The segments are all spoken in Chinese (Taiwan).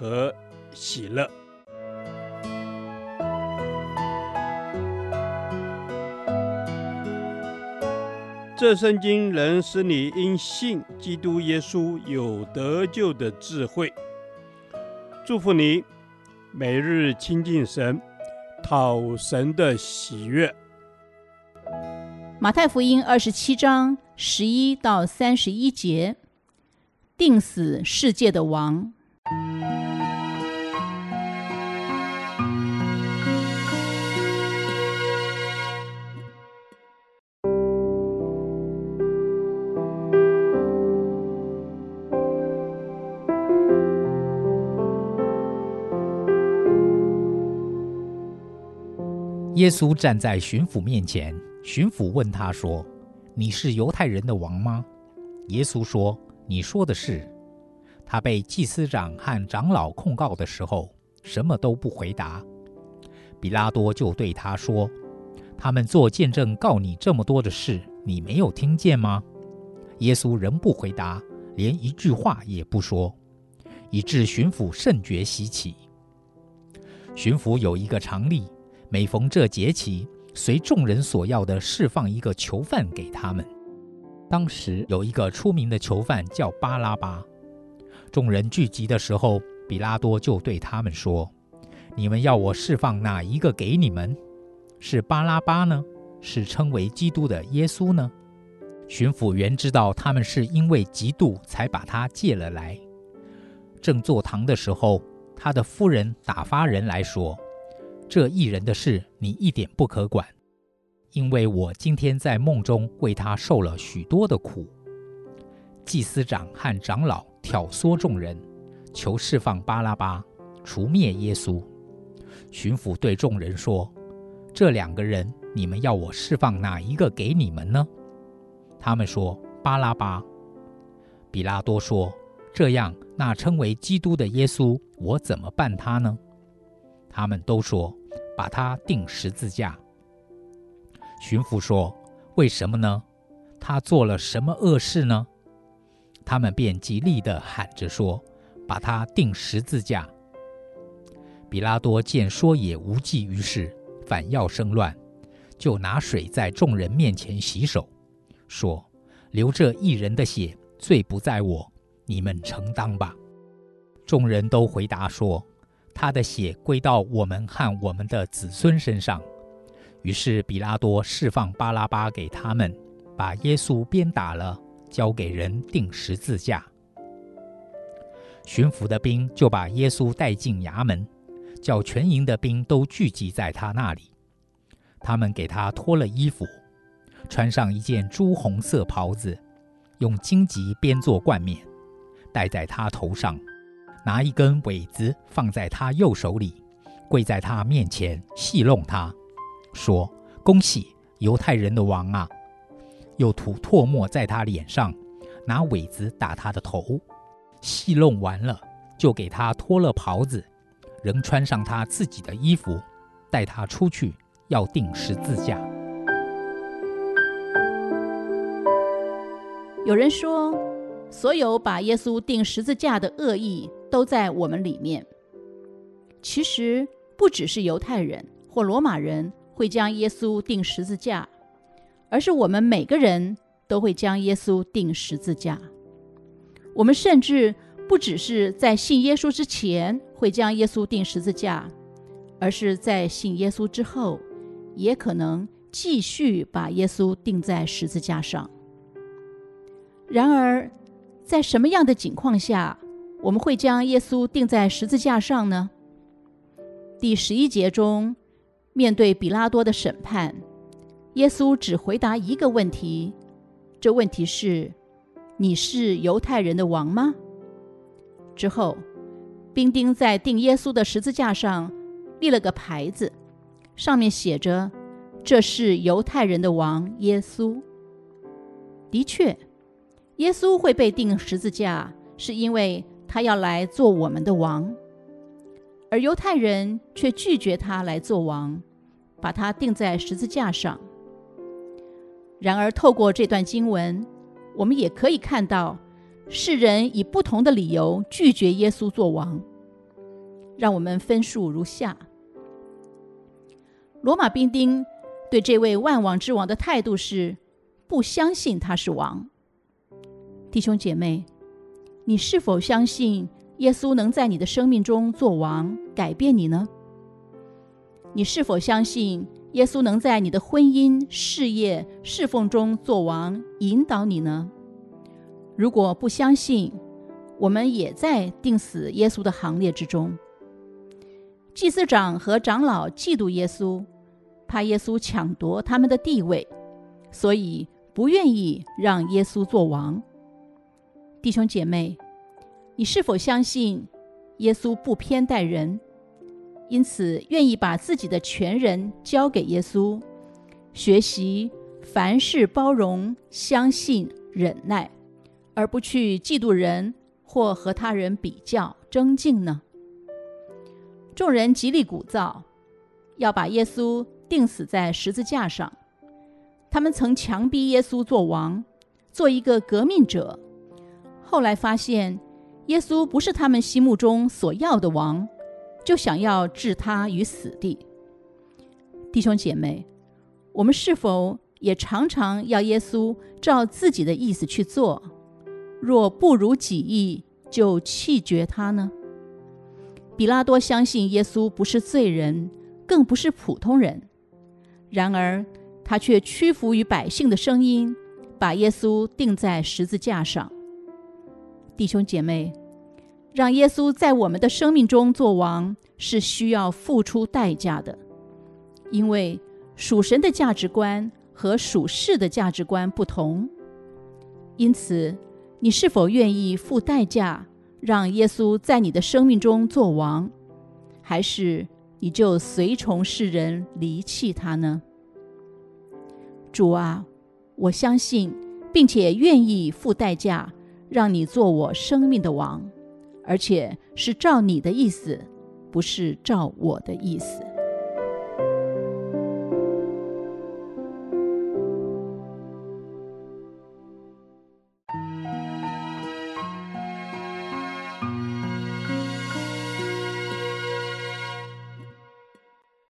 和喜樂。這聖經能使你因信基督耶穌有得救的智慧。祝福你，每日親近神，討神的喜悅。馬太福音二十七章十一到三十一節，釘死世界的王。耶穌站在巡撫面前，巡撫問他說：“你是猶太人的王嗎？”耶穌說：“你說的是。”他被祭司長和長老控告的時候，什麼都不回答。比拉多就對他說：“他們做見證告你這麼多的事，你沒有聽見嗎？”耶穌仍不回答，連一句話也不說，以致巡撫甚覺稀奇。巡撫有一個常例。每逢這節期，隨眾人所要的釋放一個囚犯給他們。當時有一個出名的囚犯叫巴拉巴。眾人聚集的時候，比拉多就對他們說：“你們要我釋放哪一個給你們？是巴拉巴呢，是稱為基督的耶穌呢？”巡撫原知道他們是因為嫉妒才把他解了來。正坐堂的時候，他的夫人打發人來說。這義人的事，你一點不可管，因為我今天在夢中為他受了許多的苦。祭司長和長老挑唆眾人，求釋放巴拉巴，除滅耶穌。巡撫對眾人說：“這兩個人，你們要我釋放哪一個給你們呢？”他們說：“巴拉巴。”比拉多說：“這樣，那稱為基督的耶穌，我怎麼辦他呢？”他們都說。把他釘十字架。巡撫說：“為什麼呢？他做了什麼惡事呢？”他們便極力的喊着說：“把他釘十字架！”彼拉多見說也無濟於事，反要生亂，就拿水在眾人面前洗手，說：“流這義人的血，罪不在我，你們承當吧。”眾人都回答說。他的血歸到我們和我們的子孫身上。於是比拉多釋放巴拉巴給他們，把耶穌鞭打了，交給人釘十字架。巡撫的兵就把耶穌帶進衙門，叫全營的兵都聚集在他那裡。他們給他脫了衣服，穿上一件朱紅色袍子，用荊棘編做冠冕，戴在他頭上。拿一根葦子放在他右手裡，跪在他面前戲弄他，說：“恭喜猶太人的王啊！”又吐唾沫在他臉上，拿葦子打他的頭。戲弄完了，就給他脫了袍子，仍穿上他自己的衣服，帶他出去要釘十字架。有人說，所有把耶穌釘十字架的惡意。都在我們裡面。其實不只是猶太人或羅馬人會將耶穌釘十字架，而是我們每個人都會將耶穌釘十字架。我們甚至不只是在信耶穌之前會將耶穌釘十字架，而是在信耶穌之後，也可能繼續把耶穌釘在十字架上。然而，在什麼樣的情況下？我們會將耶穌釘在十字架上呢？第十一節中，面對彼拉多的審判，耶穌只回答一個問題：這問題是“你是猶太人的王嗎？”之後，兵丁在釘耶穌的十字架上立了個牌子，上面寫着：“這是猶太人的王耶穌。”的確，耶穌會被釘十字架，是因為，他要來做我們的王，而猶太人卻拒絕他來做王，把他釘在十字架上。然而，透過這段經文，我們也可以看到，世人以不同的理由拒絕耶穌做王。讓我們分述如下：羅馬兵丁對這位萬王之王的態度是不相信他是王。弟兄姐妹，你是否相信耶穌能在你的生命中做王，改變你呢？你是否相信耶穌能在你的婚姻、事業、侍奉中做王，引導你呢？如果不相信，我們也在釘死耶穌的行列之中。祭司長和長老嫉妒耶穌，怕耶穌搶奪他們的地位，所以不願意讓耶穌做王。弟兄姐妹，你是否相信耶穌不偏待人，因此願意把自己的全人交給耶穌，學習凡事包容、相信、忍耐，而不去嫉妒人或和他人比較爭競呢？眾人極力鼓譟，要把耶穌釘死在十字架上。他們曾強逼耶穌做王，做一個革命者。後來發現，耶穌不是他們心目中所要的王，就想要置他於死地。弟兄姐妹，我們是否也常常要耶穌照自己的意思去做？若不如己意，就棄絕他呢？彼拉多相信耶穌不是罪人，更不是普通人，然而他卻屈服於百姓的聲音，把耶穌釘在十字架上。弟兄姐妹，讓耶穌在我們的生命中做王是需要付出代價的，因為屬神的價值觀和屬世的價值觀不同。因此，你是否願意付代價讓耶穌在你的生命中做王，還是你就隨從世人離棄他呢？主啊，我相信，並且願意付代價。讓你做我生命的王，而且是照你的意思，不是照我的意思。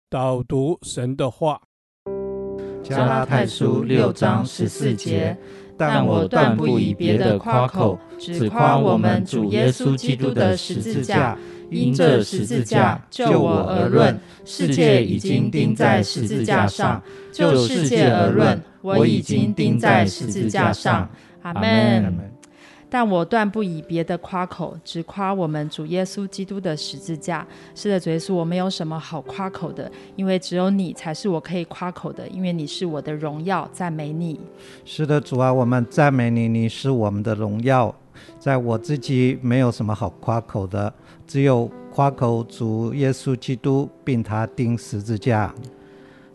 導讀神的話，加拉太書六章十四節。但我斷不以別的誇口，只誇我們主耶穌基督的十字架。因這十字架，就我而論，世界已經釘在十字架上；就世界而論，我已經釘在十字架上。阿門。但我斷不以別的誇口，只誇我們主耶穌基督的十字架。是的，主耶穌，我沒有什麼好誇口的，因為只有你才是我可以誇口的，因為你是我的榮耀，讚美你。是的，主啊，我們讚美你，你是我們的榮耀，在我自己沒有什麼好誇口的，只有誇口主耶穌基督，並他釘十字架。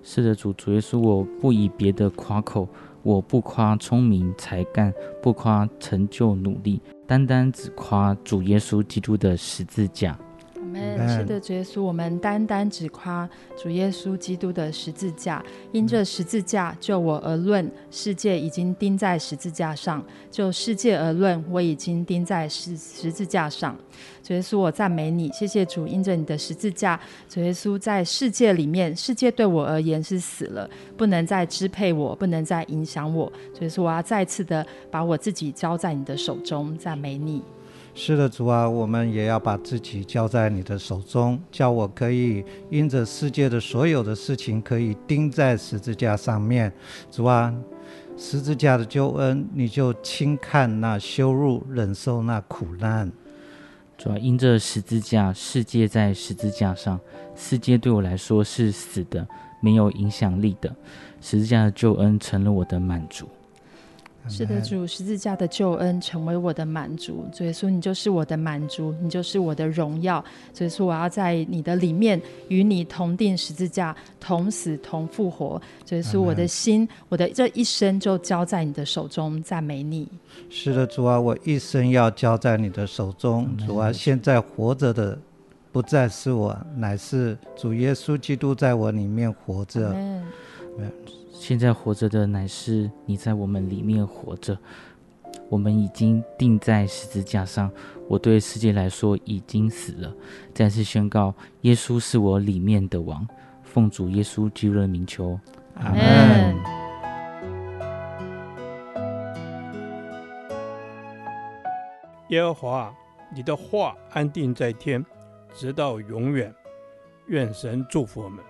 是的，主，主耶穌，我不以別的誇口。我不誇聰明才幹，不誇成就努力，單單只誇主耶穌基督的十字架。Mm -hmm. 是的，主耶穌，我們單單只誇主耶穌基督的十字架。因這十字架，就我而論，世界已經釘在十字架上；就世界而論，我已經釘在十十字架上。主耶穌，我讚美你。謝謝主，因着你的十字架，主耶穌，在世界裡面，世界對我而言是死了，不能再支配我不，不能再影響我。主耶穌，我要再次的把我自己交在你的手中，讚美你。是的，主啊，我們也要把自己交在你的手中，叫我可以因着世界的所有的事情，可以釘在十字架上面。主啊，十字架的救恩，你就輕看那羞辱、忍受那苦難。主啊，因着十字架，世界在十字架上，世界對我來說是死的，沒有影響力的。十字架的救恩成了我的滿足。Amen. 是的，主十字架的救恩成為我的滿足，主耶穌，你就是我的滿足，你就是我的榮耀，所以說我要在你的裡面與你同釘十字架，同死同復活，所以說我的心，我的這一生就交在你的手中，讚美你。是的，主啊，我一生要交在你的手中，Amen. 主啊，現在活着的不再是我，乃是主耶穌基督在我裡面活着。Amen. 現在活着的乃是你在我們裡面活着我們已經釘在十字架上，我對世界來說已經死了。再次宣告，耶穌是我裡面的王，奉主耶穌基督的名求，阿門。耶和華，你的話安定在天，直到永遠。願神祝福我們。